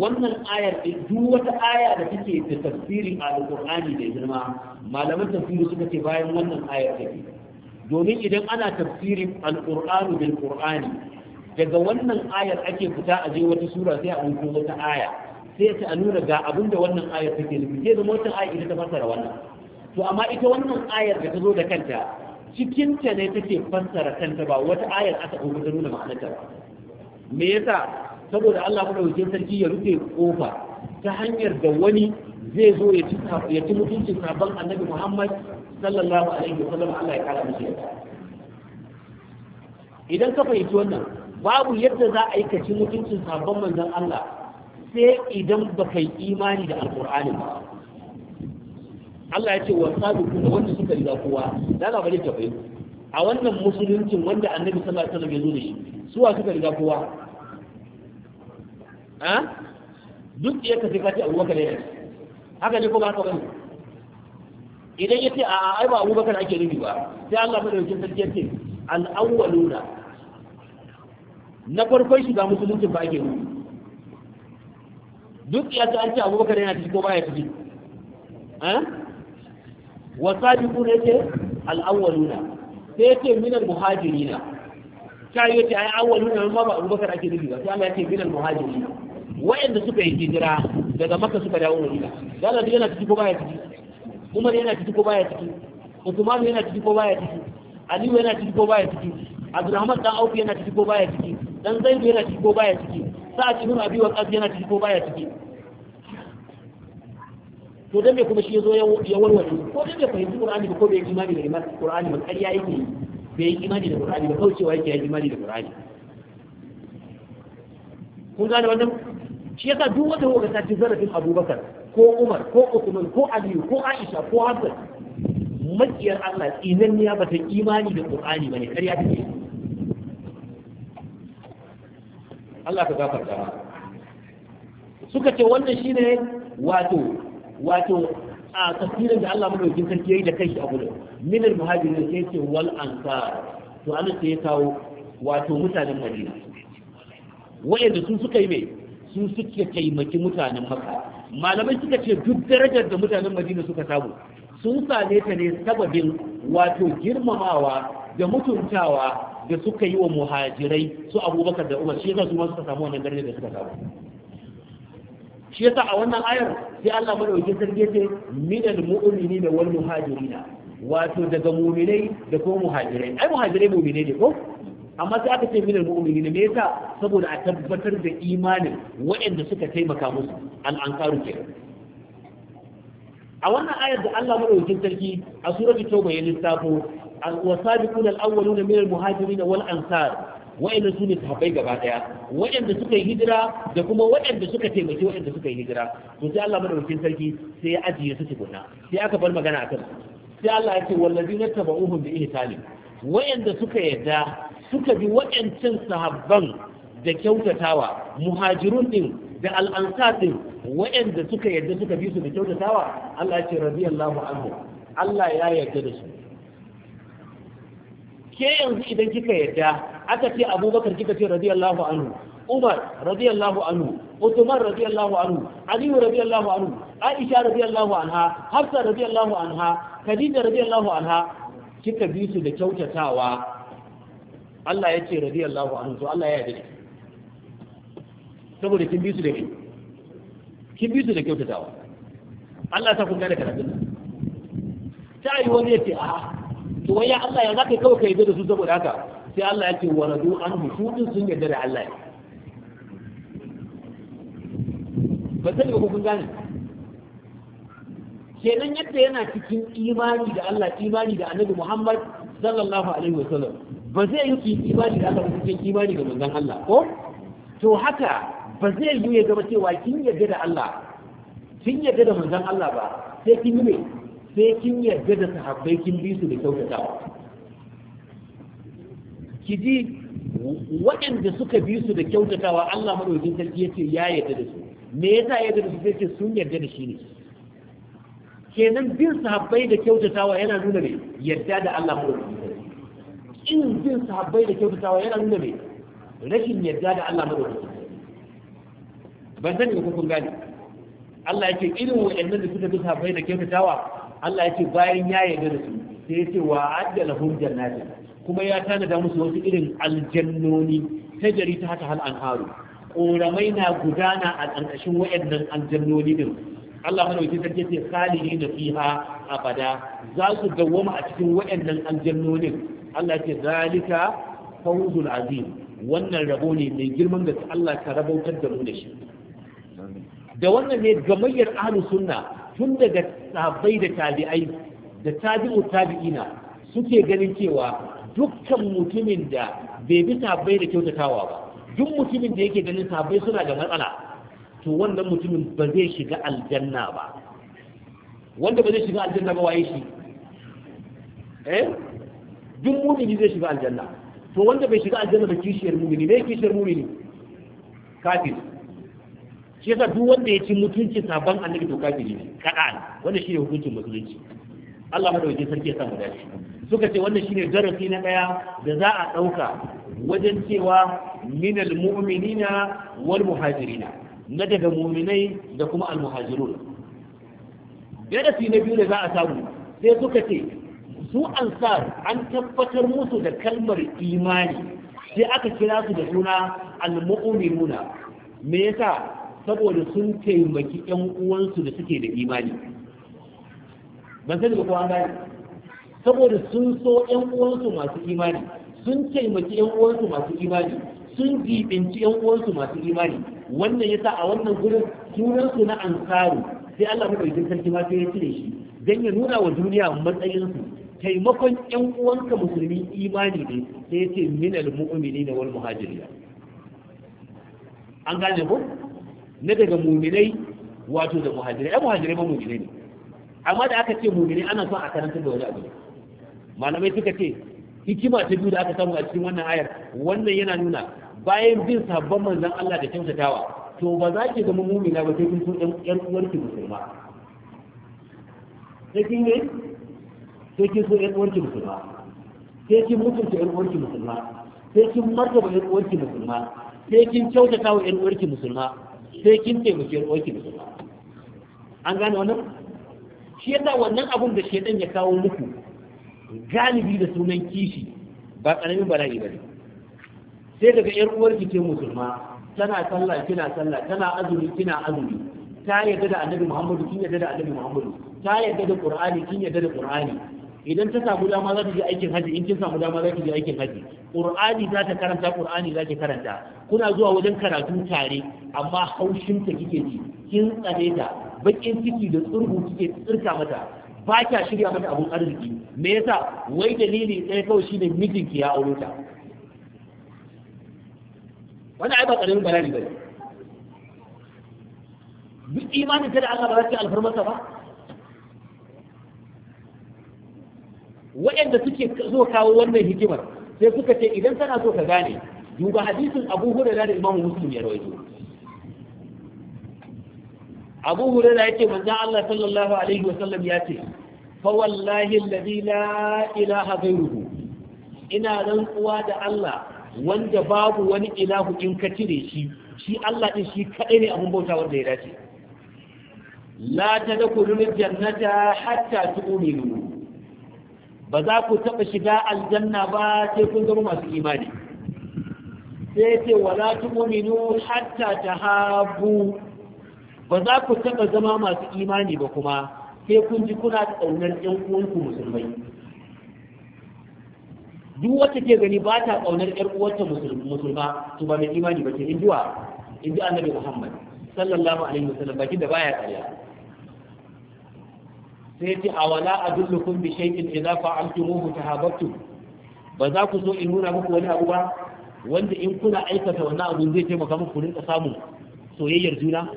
wannan ayar duk wata aya da take da tafsirin alƙur'ani da girma malaman tafsiri suka ce bayan wannan ayar take domin idan ana tafsirin alqur'anu bil qur'ani daga wannan ayar ake fita a je wata sura sai a ɗauko wata aya sai ta nuna ga abin da wannan ayar take nufi sai zama wata aya ita ta fassara wannan to amma ita wannan ayar da ta zo da kanta cikin ta ne take fassara kanta ba wata ayar aka ɗauko ta nuna ma'anarta ba me yasa saboda Allah madaukakin sarki ya rufe kofa ta hanyar da wani zai zo ya ci mutuncin sabon annabi Muhammad sallallahu alaihi wasallam Allah ya kara miki idan ka fahimci wannan babu yadda za a yi kacin mutuncin sabon manzon Allah sai idan ba kai imani da alqur'ani ba Allah ya ce wa sabiqu da wanda suka riga kowa da ba ta fahimci a wannan musuluncin wanda annabi sallallahu alaihi wasallam ya zo da shi suwa suka riga kowa a duk ya kace kace abubakar ne haka ne ko ba haka bane idan yace a ai ba Abubakar ake nufi ba sai Allah madaukakin sarki yace al-awwaluna na farkon shiga musulunci ba ake nufi duk ya ta an ce Abubakar yana ciki ko ba ya ciki eh? wa wasabiqun yace al-awwaluna sai yace min al-muhajirina kai yace ai awwaluna ma ba Abubakar ake nufi ba sai Allah yace min al-muhajirina wa'anda suka yi hijira daga Makka suka dawo Madina dala yana ciki ko ba ya ciki umar yana ciki ko baya ciki usman yana ciki ko baya ciki aliyu yana ciki ko baya ciki abdurrahman dan auki yana ciki ko baya ciki dan zaidu yana ciki ko baya ciki sa'ad ibn abi waqas yana ciki ko baya ciki to dan me kuma shi yazo ya warware ko dan bai fahimci qur'ani ko bai imani da imani qur'ani ba kariya yake bai imani da qur'ani ba kaucewa yake ya imani da qur'ani kun gane wannan shi yasa duk wanda ya ga ci zarafin abubakar ko Umar ko Usman ko Aliyu ko Aisha ko Hassan makiyar Allah tsinanniya ba ta imani da Qur'ani bane kariya take Allah ka gafarta suka ce wannan shine wato wato a tafsirin da Allah madaukakin sarki yayi da kai a gudu min al-muhajirin sai ce wal ansar to Allah sai ya kawo wato mutanen Madina wayanda sun suka yi mai sun suke taimaki mutanen Makka malamai suka ce duk darajar da mutanen madina suka samu sun sane ta ne sababin wato girmamawa da mutuntawa da suka yi wa muhajirai su abubakar da umar shi yasa su ma suka samu wannan darajar da suka samu shi yasa a wannan ayar sai Allah madaukakin sarki ce minal mu'minina wal muhajirina wato daga mu'minai da ko muhajirai ai muhajirai mu'minai ne ko amma sai aka ce minal mu'minin me yasa saboda a tabbatar da imanin waɗanda suka taimaka musu al-ansaru kenan a wannan ayar da Allah madaukakin sarki a suratul tauba ya lissafo wasabiqun al-awwaluna min al-muhajirin wal ansar wa'anda su ne sahabbai gaba daya wa'anda suka yi hijira da kuma waɗanda suka taimaki waɗanda suka yi hijira to sai Allah madaukakin sarki sai ya ajiye su tukuna sai aka bar magana akan sai Allah ya ce wallazina tabauhum bi ihsani wa'anda suka yadda suka bi waɗancan sahabban da kyautatawa muhajirun din da al'ansar din waɗanda suka yadda suka bi su da kyautatawa Allah ce radiyallahu anhu Allah ya yarda da su ke yanzu idan kika yarda aka ce abubakar kika ce radiyallahu anhu umar radiyallahu anhu Uthman radiyallahu anhu Ali radiyallahu anhu Aisha radiyallahu anha Hafsa radiyallahu anha Khadija radiyallahu anha kika bi su da kyautatawa Allah ya ce radiyallahu anhu to Allah ya yarda saboda kin bi su da kin bi su da kyautatawa Allah ta kun gane karatun nan ta yi wani ya ce a to wai ya Allah ya zaka kawai kai da su saboda haka sai Allah ya ce wa radu anhu su din sun yarda da Allah ne ba sani ba kun gane kenan yadda yana cikin imani da Allah imani da Annabi Muhammad sallallahu alaihi wasallam ba zai yi ki imani da aka ba ki imani da manzon Allah ko to haka ba zai yi ya gaba cewa kin yarda da Allah kin yarda da manzon Allah ba sai kin yi sai kin yarda da sahabbai kin bi su da kyautatawa ki ji waɗanda suka bi su da kyautatawa Allah madaukakin sarki ce ya yarda da su me yasa yarda da su sai ce sun yarda da shi ne kenan bin sahabbai da kyautatawa yana nuna ne yarda da Allah madaukakin sarki in jin sahabbai da kyautatawa yana nuna mai rashin yarda da Allah madaukaki ban sani ko kun gane Allah yake irin wa'annan da suka bi sahabbai da kyautatawa Allah yake bayan ya yarda da su sai ya ce wa addala hum jannatin kuma ya tanada musu wasu irin aljannoni tajari ta hata hal anharu ƙoramai na gudana a ƙarƙashin wa'annan aljannoni din Allah madauki sarki ce khalidi na fiha abada za su dawwama a cikin wa'annan aljannonin Allah ce zalika fawzul azim wannan rabo ne mai girman da Allah ka rabautar da mu da shi da wannan ne gamayyar ahlus sunna tun daga sahabbai da tabi'ai da tabi'u tabi'ina suke ganin cewa dukkan mutumin da bai bi sahabbai da kyautatawa ba duk mutumin da yake ganin sahabbai suna da matsala to wannan mutumin ba zai shiga aljanna ba wanda ba zai shiga aljanna ba waye shi eh duk mumini zai shiga aljanna to wanda bai shiga aljanna ba kishiyar mumini ne kishiyar mumini kafir shi yasa duk wanda ya ci mutuncin sabon annabi to kafir ne kadan wanda shi ne hukuncin musulunci Allah madaukakin sarki ya samu dace suka ce wannan shine darasi na daya da za a dauka wajen cewa minal mu'minina wal muhajirina na daga mu'minai da kuma al muhajirun darasi na biyu da za a samu sai suka ce su ansar an tabbatar musu da kalmar imani sai aka kira su da suna al-mu'minuna me yasa saboda sun taimaki ƴan uwansu da suke da imani ban sani ba kowa gani saboda sun so ƴan uwansu masu imani sun taimaki ƴan uwansu masu imani sun jibinci ƴan uwansu masu imani wannan yasa a wannan gurin su na ansaru sai Allah mu ɗauki sarki ma sai ya cire shi dan ya nuna wa duniya matsayinsu taimakon ƴan uwanka musulmi imani ne sai ce minal mu'minina wal muhajirin an gane ko na daga muminai wato da muhajirai ai muhajirai ba muminai ne amma da aka ce muminai ana son a karanta da wani abu malamai suka ce hikima ta biyu da aka samu a cikin wannan ayar wannan yana nuna bayan bin sabon manzon Allah da kyautatawa to ba za ki zama mumina ba sai kun so ƴan uwarki musulma sai kin ne sai kin so ƴan uwarki musulma sai kin mutunta ƴan uwarki musulma sai kin martaba ƴan uwarki musulma sai kin kyautata wa ƴan uwarki musulma sai kin taimaki ƴan uwarki musulma an gane wannan shi yasa wannan abun da shedan ya kawo muku galibi da sunan kishi ba karamin bala'i ne. sai daga ƴar uwarki ce musulma tana sallah kina sallah tana azumi kina azumi ta yarda da annabi Muhammadu kin yarda da annabi Muhammadu ta yarda da Qur'ani kin yarda da Qur'ani idan ta samu dama za ta je aikin haji in kin samu dama za ta je aikin haji qur'ani za ta karanta qur'ani za ki karanta kuna zuwa wajen karatu tare amma haushin ta kike ji kin tsare ta bakin ciki da tsurhu kike tsirka mata ba kya shirya mata abun arziki me yasa wai dalili ɗaya kawai shine mijinki ya aure ta wannan ai ba karamin bala'i bane duk imanin ta da aka ba za ta alfarmasa ba waɗanda suke zo kawo wannan hikimar sai suka ce idan kana so ka gane duba hadisin abu hurara da imamu muslim ya rawaito abu hurara ya ce manzan allah sallallahu alaihi wasallam ya ce fawallahi alladhi la ilaha ghayruhu ina rantsuwa da allah wanda babu wani ilahu in ka cire shi shi allah din shi kadai ne abun bauta wanda ya dace la tadkhulul jannata hatta tu'minu ba za ku taɓa shiga aljanna ba sai kun zama masu imani sai ce wala mu'minu hatta tahabu ba za ku taɓa zama masu imani ba kuma sai kun ji kuna ƙaunar ƴan uwanku musulmai duk wacce ke gani ba ta ƙaunar ƴar uwarta musulma to ba mai imani ba ce in ji annabi Muhammad sallallahu alaihi wasallam baki da baya ƙarya sai ce a wala adullukum bi shay'in idza ta tahabbtum ba za ku so in nuna muku wani abu ba wanda in kuna aikata wannan abu zai taimaka muku rinka samun soyayyar juna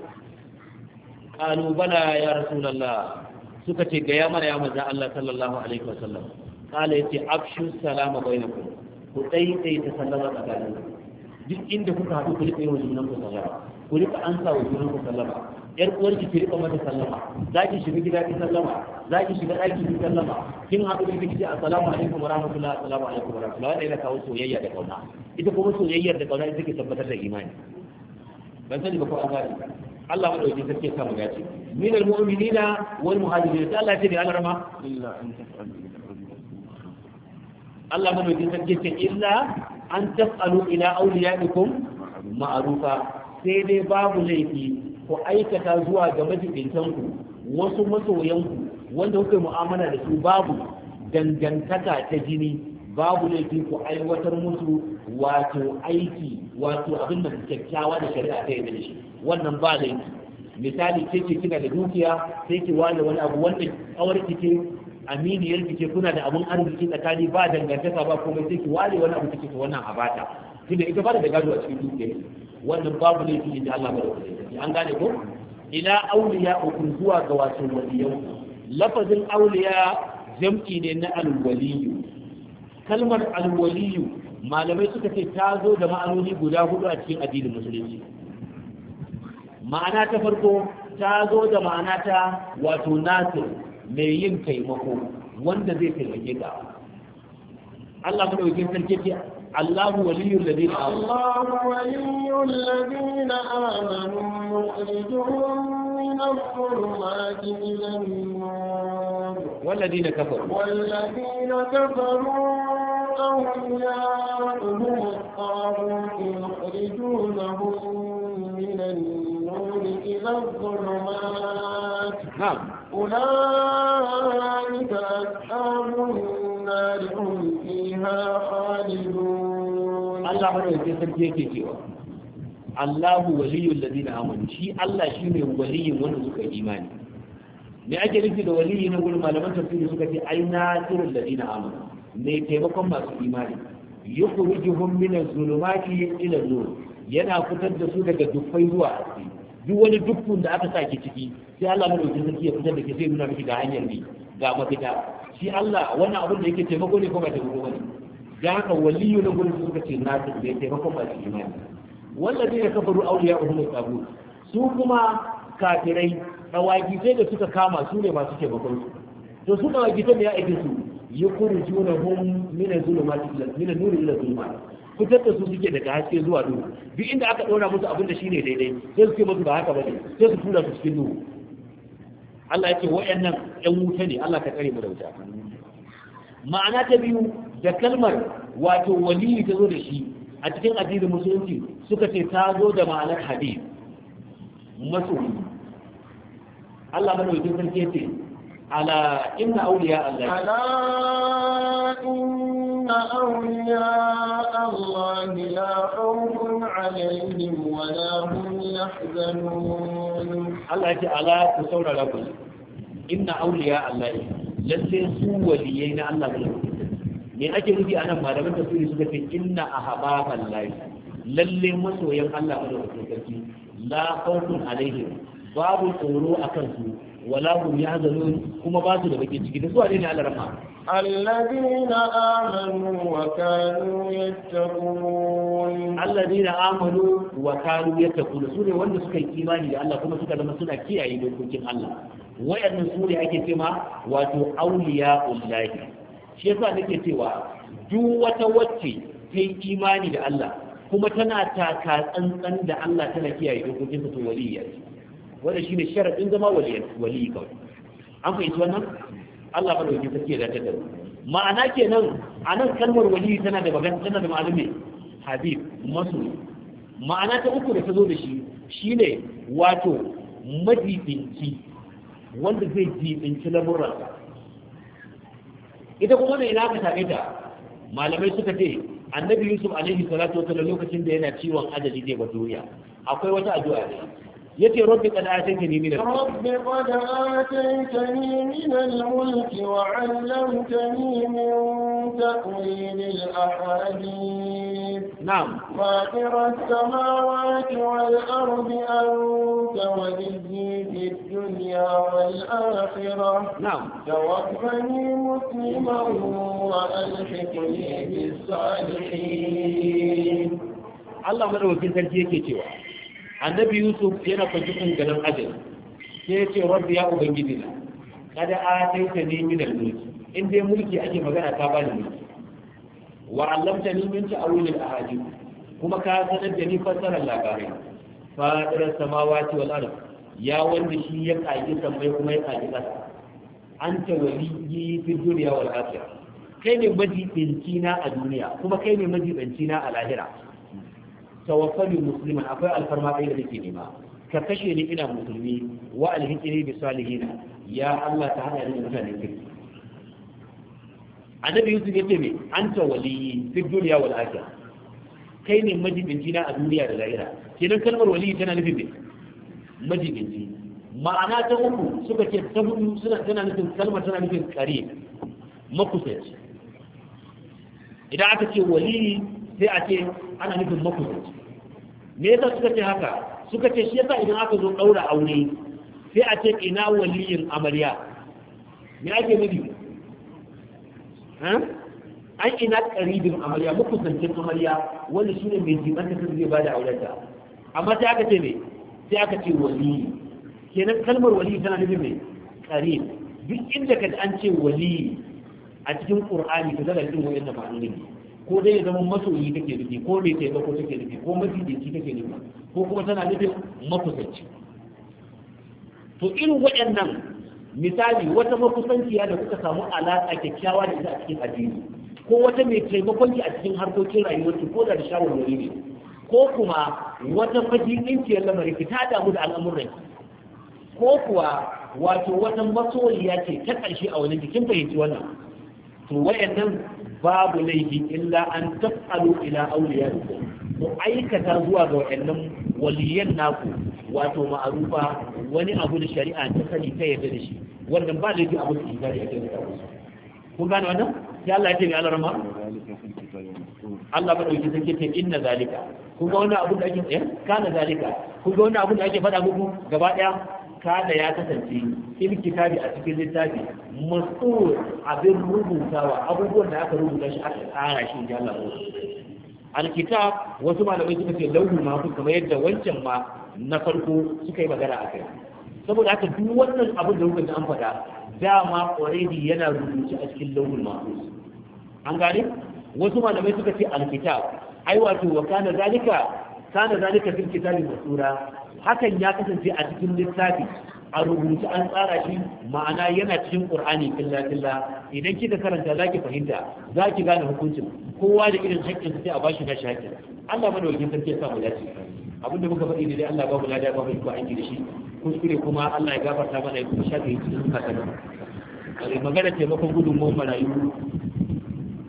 qalu bala ya rasulullah suka ce ga ya mana ya manzo Allah sallallahu alaihi wasallam qala yace afshu salama bainakum ku daidaita sallama tsakanin duk inda kuka haɗu ku rika yawan wa junan ku sallama ku rika ansa wa junan ku sallama yar uwar ki rika mata sallama za ki shiga gida ki sallama za ki shiga ɗaki ki sallama kin haɗu da kike assalamu alaikum wa rahmatullahi assalamu alaikum wa rahmatullahi wannan yana kawo soyayya da kauna ita kuma soyayyar da kauna ita ke tabbatar da imani ban sani ba ko an gane Allah ma dauke sarki ka mu gaci min al mu'minina wal muhajirin Allah ce da Allah rama Allah ma dauke sarki ce illa an tasalu ila awliyaikum ma'rufa sai dai babu laifi ku aikata zuwa ga majibintanku wasu masoyanku wanda kuka mu'amala da su babu dangantaka ta jini babu laifi ku aiwatar musu wato aiki wato abin da kyakkyawa da shari'a ta yi shi wannan ba laifi misali ke ce kina da dukiya sai ki ware wani abu wanda kawar ki ce aminiyar ki ce kuna da abun arziki tsakani ba dangantaka ba komai sai ki ware wani abu kike wannan abata tunda ita ba da gado a cikin dukiya wannan babu laifi ne da Allah madaukaki an gane ko ila auliya ukun zuwa ga wato waliyau lafazin auliya jam'i ne na alwaliyu kalmar alwaliyu malamai suka ce ta zo da ma'anoni guda hudu a cikin addinin musulunci ma'ana ta farko ta zo da ma'ana ta wato nasir mai yin taimako wanda zai taimake ka Allah madaukakin sarki الله ولي الذين آمنوا الله ولي الذين آمنوا مخرجهم من الظلمات إلى النور والذين كفروا والذين كفروا أولياؤهم الطاغوت يخرجونهم من النور إلى الظلمات نعم أولئك Allah madawaki sarki yake cewa Allahu waliyul ladina amanu shi Allah shine waliyin wanda suka imani me ake nufi da waliyi na gurin malaman tafsiri suka ce ai na nasirul ladina amanu mai taimakon masu imani yukhrijuhum min az-zulumati ila an-nur yana fitar da su daga dukkan zuwa haske duk wani dukkun da aka saki ciki sai Allah madawaki sarki ya fitar da ke sai nuna miki ga hanyar ne ga mafita shi Allah wannan abin da yake taimako ne ko ba taimako ne da haka waliyu na gurin suka ce na su da taimakon masu imani wanda zai kafaru ya uhum tabu su kuma kafirai sai da suka kama su ne masu bakon su to su dawagitai da ya aiki su yi kuri juna hun mina min mina nuri ila az-zulumati fitar da su suke daga haske zuwa duhu duk inda aka ɗora musu abin da shine daidai sai suke musu ba haka bane sai su tura su cikin duhu Allah ya ce wa'annan ƴan wuta ne Allah ka kare mu da wuta ma'ana ta biyu da kalmar wato waliyi ta zo da shi a cikin addinin musulunci suka ce ta zo da ma'anar hadith masoyi Allah mana wajen sarki ya ce ala inna auliya Allah ala inna auliya Allah la khawfun alaihim wa la hum yahzanun Allah ya ce ala ku saurara ku inna auliya Allah lalle su waliyai na Allah ne me ake nufi anan malaman tafsiri suka ce inna ahbaban lahi lalle masoyan Allah da wato sarki la khawfun alaihim babu tsoro akan su wala hum yahzanun kuma ba su da bakin ciki da su ne Allah rahma alladhina amanu wa kanu yattaqun alladhina amanu wa kanu yattaqun su ne wanda suka yi imani da Allah kuma suka zama suna kiyaye dokokin Allah wayannan su ne ake cewa wato auliya ullahi shi yasa nake cewa duk wata wacce ta yi imani da Allah kuma tana taka tsantsan da Allah tana kiyaye dokokin sa to waliyya wanda shine sharadin zama waliyya waliyi kawai an fahimci wannan Allah ba da wani sake da ta ma'ana kenan anan kalmar waliyi tana da magana tana da ma'ana habib masu ma'ana ta uku da ta zo da shi shine wato majibinci wanda zai jibinci lamurransa ita kuma mai ina ka same ta malamai suka ce annabi yusuf alaihi salatu wasallam lokacin da yana ciwon ajali ne ba duniya akwai wata addu'a ne yace rabbi qad ataytani min al-mulk rabbi qad ataytani min al-mulk wa 'allamtani min ta'wil al-ahadith na'am fatir as-samawati wal-ard anta waliyyi fid dunya wal-akhirah na'am Allah sarki yake cewa annabi yusuf yana fajikin ganin ajal sai ya ce rabbi ya ubangiji na kada a taita ta min al-mulki in dai mulki ake magana ta bani mulki wa allamta ni min ta'awil al ahadi kuma ka sanar da ni fassarar labarai fadar samawati wal ardh ya wanda shi ya kaji sammai kuma ya kaji kasa wali yi fi duniya wal akhirah kai ne majibanci na a duniya kuma kai ne majibanci na a lahira tawaffani musliman akwai alfarma ɗaya da nake nema ka kashe ni ina musulmi wa alhikiri bi salihina ya Allah ta hada ni mutanen kirki annabi yusuf yace me anta waliyyi fi dunya wal akhirah kai ne majibinci na a duniya da lahira kenan kalmar waliyyi tana nufin me majibinci ma'ana ta uku suka ce ta hudu suna tana nufin kalmar tana nufin kare makusanci idan aka ce waliyyi sai a ce ana nufin makusanci me yasa suka ce haka suka ce shi yasa idan aka zo ɗaura aure sai a ce ina waliyin amarya me ake nufi an ina karibin amarya makusancin amarya wanda ne mai jimanta ta zai bada aurenta amma sai aka ce me sai aka ce waliyi kenan kalmar wali tana nufin me karib duk inda ka an ce wali a cikin qur'ani ka zara da wannan ma'anoni ko dai ya zama masoyi take nufi ko mai taimako take nufi ko mafidanci take nufi ko kuma tana nufin makusanci to irin waɗannan misali wata makusanciya da kuka samu alaƙa kyakkyawa da ita a cikin addini ko wata mai taimakon ki a cikin harkokin rayuwarki ko da shawarwari ne ko kuma wata fajikinciyar lamari ki ta damu da al'amuran ko kuwa wato wata masoyiya ce ta ƙarshe a wani jikin fahimci wannan to wayannan babu laifi illa an tafalu ila auliya ku aikata zuwa ga wa'annan waliyan naku wato ma'arufa wani abu da shari'a ta sani ta yarda da shi wannan ba laifi abu da ibada ya yarda da kun gane wannan ya Allah ya ce Allah alarma Allah ba dauki sake ce inna zalika kun ga wannan abu da ake eh kana zalika kun ga wannan abu da ake faɗa muku gaba daya kada ya kasance fil kitabi a cikin littafi masu abin rubutawa abubuwan da aka rubuta shi aka tsara shi in ji Allah alkitab wasu malamai suka ce lauhu mahfuz kamar yadda wancan ma na farko suka yi magana a kai saboda haka duk wannan abin da rubuta an faɗa dama already yana rubuce a cikin lauhul mahfuz an gane wasu malamai suka ce alkitab ai wato wa kana zalika kana zalika fil kitabi masura hakan ya kasance a cikin littafi a rubuta an tsara shi ma'ana yana cikin qur'ani illa illa idan kika karanta zaki fahimta zaki gane hukuncin kowa da irin haƙƙin sai a bashi na shaƙi Allah da wajen sarki ya samu mu dace abin da muka faɗi dai Allah ba mu lada ba mu ko aiki da shi kuskure kuma Allah ya gafarta mana ya kuma yi cikin ta kare magana taimakon gudunmuwar marayu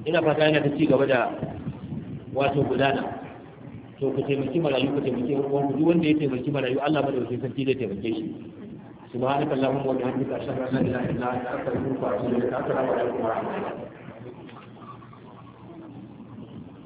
ina fata yana ta ci gaba da wato gudana to ku taimaki marayu ku taimaki yan wanda ya taimaki marayu Allah wajen sarki zai taimake shi subhanakallahumma wa bihamdika ashhadu an la ilaha illa anta a wa atubu ta assalamu alaikum wa rahmatullahi